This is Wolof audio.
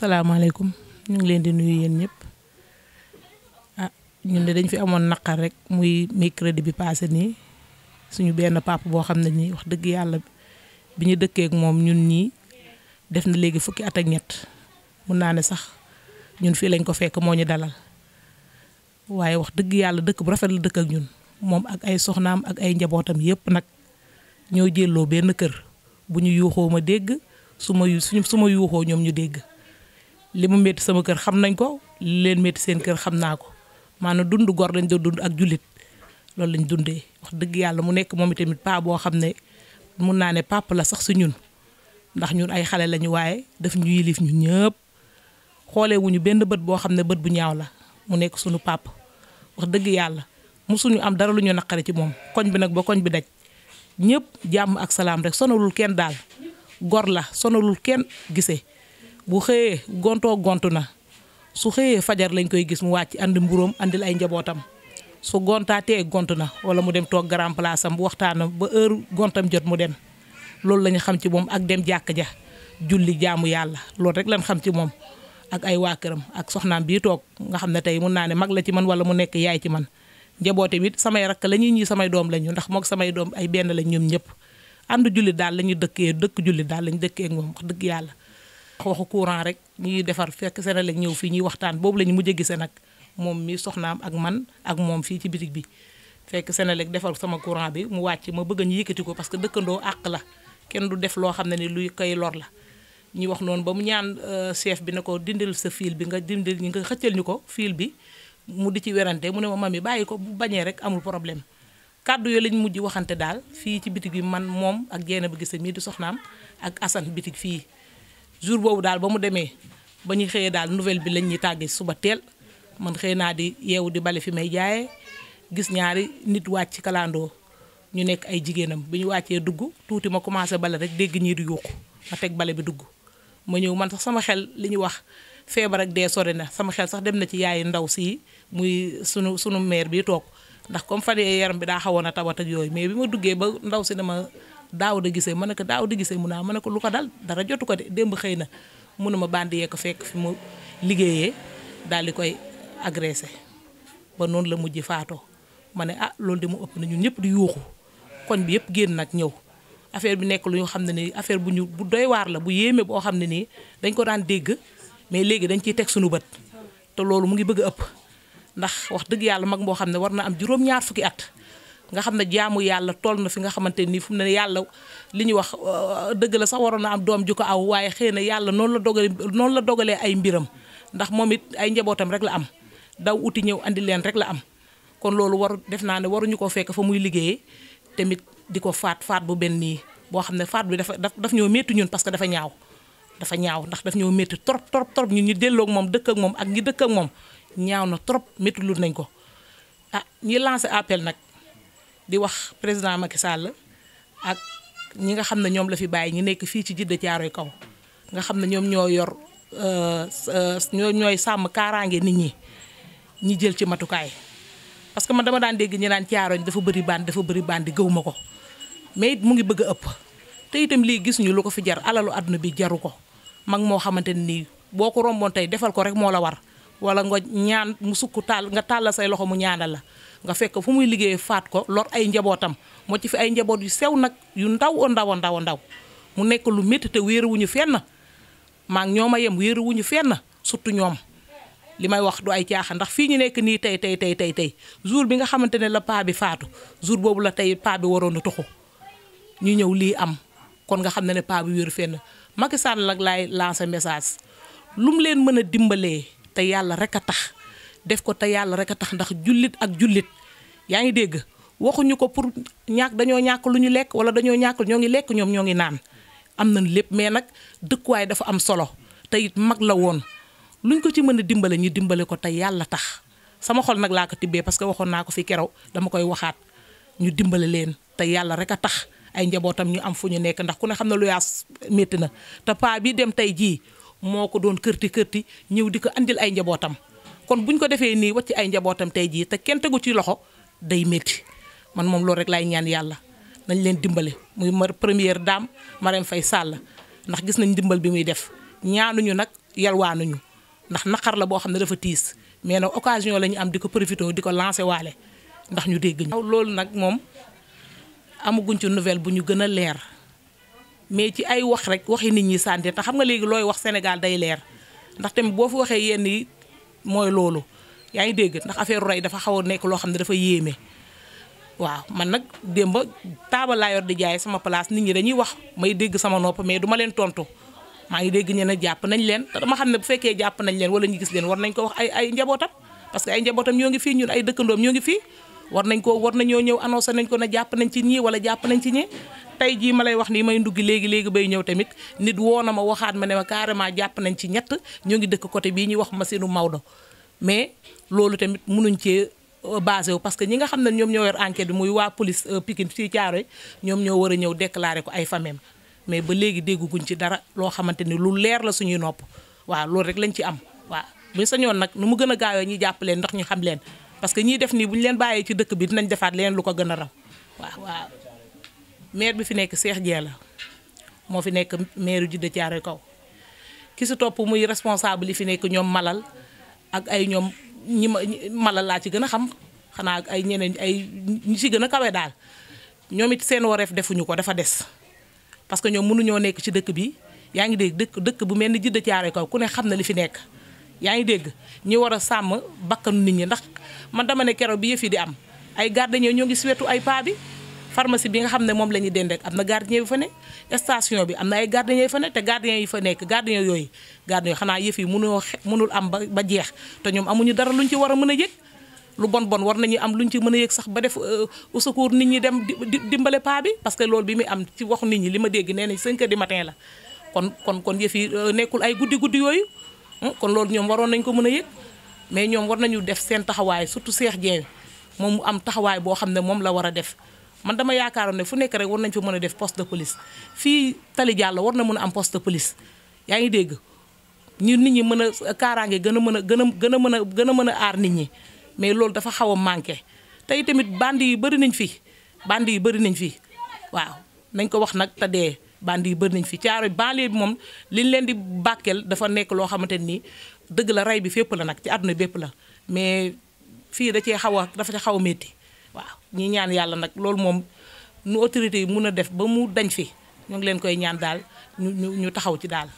salaamaaleykum ñu ngi leen di nuyu yéen ñëpp ah ñun de dañ fi amoon naqar rek muy mercredi bi paase nii suñu benn papa boo xam ne nii wax dëgg yàlla bi ñu dëkkeek moom ñun ñii def na léegi fukki at ak ñett mun naa ne sax ñun fii lañ ko fekk moo ñu dalal waaye wax dëgg yàlla dëkk bu rafet la dëkk ak ñun moom ak ay soxnaam ak ay njabootam yëpp nag ñoo jëlloo benn kër bu ñu yuuxoo ma dégg su ma su ma yuuxoo ñoom ñu dégg li mu métti sama kër xam nañ ko leen métti seen kër xam naa ko maanaam dundu gor lañ doon dund ak jullit loolu lañ dundee wax dëgg yàlla mu nekk moom itamit paa boo xam ne mun naa ne papa la sax su ñun ndax ñun ay xale lañu waaye daf ñu ñu ñëpp xoolee benn bët boo xam ne bët bu ñaaw la mu nekk suñu papa wax dëgg yàlla mosuñu am dara lu ñu naqare ci moom koñ bi nag ba koñ bi daj ñëpp jàmm ak salaam rek sonalul kenn daal gor la sonalul kenn gisee bu xëyee gontoo gontu na su xëyee fajar lañ koy gis mu wàcc ànd mburoom andil ay njabootam su gontaatee gont na wala mu dem toog grand place am waxtaana ba heure gontam jot mu dem loolu la ñu xam ci moom ak dem jàkk ja julli jaamu yàlla loolu rek lañ xam ci moom ak ay waa këram ak soxnaam bii toog nga xam ne tey mun naa ne mag la ci man wala mu nekk yaay ci man njaboote bi samay rakk la ñuy ñii samay doom lañu ndax moo samay doom ay benn lañ ñoom ñëpp ànd julli daal la ñu dëkkee dëkk julli daal la dëkkee ak moom dëgg yàlla waxu courant rek ñuy defar fekk Senelec ñëw fii ñuy waxtaan boobu la ñu mujj nag moom mi soxnaam ak man ak moom fii ci bitig bi fekk Senelec defar sama courant bi mu wàcc ma bëgg ñu yëkkati ko parce que dëkkandoo àq la kenn du def loo xam ne ni luy koy lor la ñu wax noonu ba mu ñaan euh, chef bi ne ko dindil sa fil bi nga dindil ñu nga xëccal ñu ko fil bi mu di ci werante mu ne ma mami bàyyi ko bu bañee rek amul problème kàddu yooyu lañ mujj waxante daal fii ci bitig bi man moom ak jeena bi gisa mii di soxnaam ak Assane bitig fii jour boobu daal ba mu demee ba ñu xëyee daal nouvelle bi lañ ñuy tàggee suba teel man xëy naa di yeewu di bale fi may jaayee gis ñaari nit wàcc ci kalandoo ñu nekk ay jigéenam bi ñu wàccee dugg tuuti ma commencé bale rek dégg ñii di yuuxu ma teg bale bi dugg ma ñëw man sax sama xel li ñu wax feebar ak dee sori na sama xel sax dem na ci yaayu ndaw si muy sunu sunu maire bi toog ndax comme fan yaram bi daa xawoon a tawat ak yooyu mais bi ma duggee ba ndaw si dama daaw da gisee ma ne ko daaw da gisee mu naa ah, ma ne ko lu ko dal dara jotu ko de démb xëy na mu ma bandi yee ko fekk fi mu liggéeyee daal di koy agressé ba noonu la mujj faatoo ma ne ah loolu de mu ëpp na ñun ñëpp di yuuxu koñ bi yëpp génn nag ñëw affaire bi nekk lu ñu xam ne nii affaire bu ñu bu doy waar la bu yéeme boo xam ne nii dañ ko daan dégg mais léegi dañ ciy teg suñu bët te loolu mu ngi bëgg a ëpp ndax wax dëgg yàlla mag boo xam ne war na am juróom fukki at nga xam ne jaamu yàlla toll na fi nga xamante nii fu mu ne yàlla li ñuy wax euh, dëgg la sax waroon na am doom ju ko aw waaye xëy na yàlla noonu la dogale noonu la dogalee ay mbiram ndax moom it ay njabootam rek la am daw wuti ñëw indi leen rek la am kon loolu waru def naa ne waruñu koo fekk fa muy liggéeye tamit di ko faat faat bu benn nii boo xam ne faat bi dafa daf ñoo métti ñun parce que dafa ñaaw dafa ñaaw ndax daf ñoo métti trop trop trop ñu ñu delloo moom dëkk ak moom ak dëkk ak moom ñaaw na trop métti nañ ko ah, ñi lancé appel nag di wax président Macky Sall ak ñi nga xamne ñom la fi bay ñi nekk fi ci jidde caaroy kaw nga xamne ñom ñoom ñoo yor euh, ñoo ñoy sam kaaraange nit ñi ñi jël ci matukay parce que man dama daan dégg ñi naan caaroñ dafa bëri baan dafa bëri baan di mais it mu ngi bëgg ëpp té itam li gis ñu lu ko fi jar alalu aduna bi jaruko mag mo xamanteni ni boko rombon tay defal ko rek mo la war wala nga ñaan mu sukku tal nga tal say loxo mu ñaanal la nga fekk fu muy liggéeyee faat ko lor ay njabootam moo ci fi ay njaboot yu sew nag yu ndaw a ndaw a ndaw a ndaw mu nekk lu métti te wéeruwuñu fenn maa ngi ñoom a yem wéeruwuñu fenn surtout ñoom li may wax du ay caaxaan ndax fii ñu nekk nii tey tey tey tey tey jour bi nga xamante ne la paa bi faatu jour boobu la tey paa bi waroon a tuxu ñu ñëw lii am kon nga xam ne ne paa bi wéeru fenn Macky Sall nag laay lancer message lu mu leen mën a dimbalee te yàlla rek a tax. def ko te yàlla rek a tax ndax jullit ak jullit yaa ngi dégg waxuñu ko pour ñàkk dañoo ñàkk lu ñu lekk wala dañoo ñàkk ñoo ngi lekk ñoom ñoo ngi naan am nañ lépp mais nag dëkkuwaay dafa am solo te it mag la woon lu luñ ko ci mën a dimbale ñu dimbale ko te yàlla tax sama xol nag laa ko tibbee parce que waxoon naa ko fi keroog dama koy waxaat ñu dimbale leen te yàlla rek a tax ay njabootam ñu am fu ñu nekk ndax ku ne xam ne lu yaas métti na te paa bii dem tey jii moo ko doon kërti kërti ñëw di ko indil ay njabootam kon bu ñu ko defee nii wacc ay njabootam tey jii te kenn tegu ci loxo day métti man moom loolu rek laay ñaan yàlla nañ leen dimbale muy ma première ma Marème fay sàll ndax gis nañ dimbal bi muy def ñaanuñu nag ñu ndax naqar la boo xam ne dafa tiis mais nag occasion la ñu am di ko profité di ko lancé waale ndax ñu dégg ñu. loolu nag moom amaguñ ci nouvelle bu ñu gën a leer mais ci ay wax rek waxi nit ñi sànni te xam nga léegi looy wax Sénégal day leer mooy loolu yaa ngi dégg ndax affaire rey dafa xaw a nekk loo xam ne dafa yéeme waaw man nag démb taabal laa yor di jaay sama place nit ñi dañuy wax may dégg sama nopp mais du ma leen tontu maa ngi dégg ñeneen jàpp nañ leen te dama xam ne bu fekkee jàpp nañ leen wala ñu gis leen war nañ ko wax ay ay njabootam parce que ay njabootam ñoo ngi fii ñun ay dëkkandoom ñoo ngi fii war nañ ko war nañoo ñëw annoncé nañ ko na jàpp nañ ci ñii wala jàpp nañ ci ñi tey jii ma lay wax nii may ndugg léegi léegi bay ñëw tamit nit woo na ma waxaat ma ne ma carrément jàpp nañ ci ñett ñoo ngi dëkk côté bii ñuy wax machine Maodo mais loolu tamit mënuñ cee euh, basé wu que ñi nga xam ne ñoom ñoo yor enquête bi muy waa police euh, Pikine fii Thiaroye ñoom ñoo war a ñëw déclaré ko ay famem mais ba léegi dégguguñ ci dara loo xamante ni lu leer la suñuy nopp waa loolu rek lañ ci am waaw sa ñoon nag nu mu gën a gaawee ñi jàpp leen ndax ñi xam leen parce que ñiy def nii bu ñu leen bàyyee ci dëkk bi dinañ defaat leen lu ko gën a raw waaw waaw maire bi fi nekk Cheikh Dieng la moo fi nekk maire jidd Thiaroye Kaw ki si topp muy responsable yi fi nekk ñoom Malal ak ay ñoom ñi ma Malal laa ci gën a xam xanaa ay ñeneen ay ñi ci gën a kawe daal ñoom it seen wareef defuñu ko dafa des parce que ñoom mënuñoo nekk ci dëkk bi yaa ngi dégg dëkk dëkk bu mel ni Djiddah Thiaroye Kaw ku ne xam na li fi nekk. yaa ngi dégg ñi war a sàmm bakkanu nit ñi ndax man dama ne keroog bi yëf yi di am ay gardien ñoo ngi si ay paa bi pharmacie bi nga xam ne moom la ñuy dend am na gardien bi fa ne station bi am na ay gardien fa ne te gardien yi fa nekk gardien yooyu gardien xanaa yëf yi mënoo mënul am ba ba jeex te ñoom amuñu dara lu ñu ci war a mën a yëg lu bon bon war nañu am lu ñu ci mën a yëg sax ba def euh, au secours nit ñi dem dimbale paa bi parce que loolu bi muy am ci waxu nit ñi li ma dégg nee nañ 5 heures du la kon kon kon yëf yi euh, nekkul ay guddi guddi yooyu Hmm, kon loolu ñoom waroon nañ ko mën a yëg mais ñoom war nañu def seen taxawaay surtout Cheikh Dieng moom mu am taxawaay boo xam ne moom la war a def man dama yaakaaroon ne fu nekk rek war nañ fa mën a def de police fii Tali war na mën am poste de police yaa ngi dégg ñu nit ñi mën a kaaraange gën a mën a gën a gën a mën a gën a mën a aar nit ñi mais loolu dafa xaw a manqué tey tamit bandi yi bëri nañ fii bandi yi bëri nañ fii waaw nañ ko wax nag te dee bandi yi bëri nañ fi caaro banlieue bi moom li leen di bàkkeel dafa nekk loo xamante nii dëgg la rey bi fépp la nag ci àdduna bépp la mais fii da cee xaw a dafa ci xaw a métti waaw ñi ñaan yàlla nag loolu moom nu autorité yi mun a def ba mu dañ fi ñu ngi leen koy ñaan daal ñu ñu ñu taxaw ci daal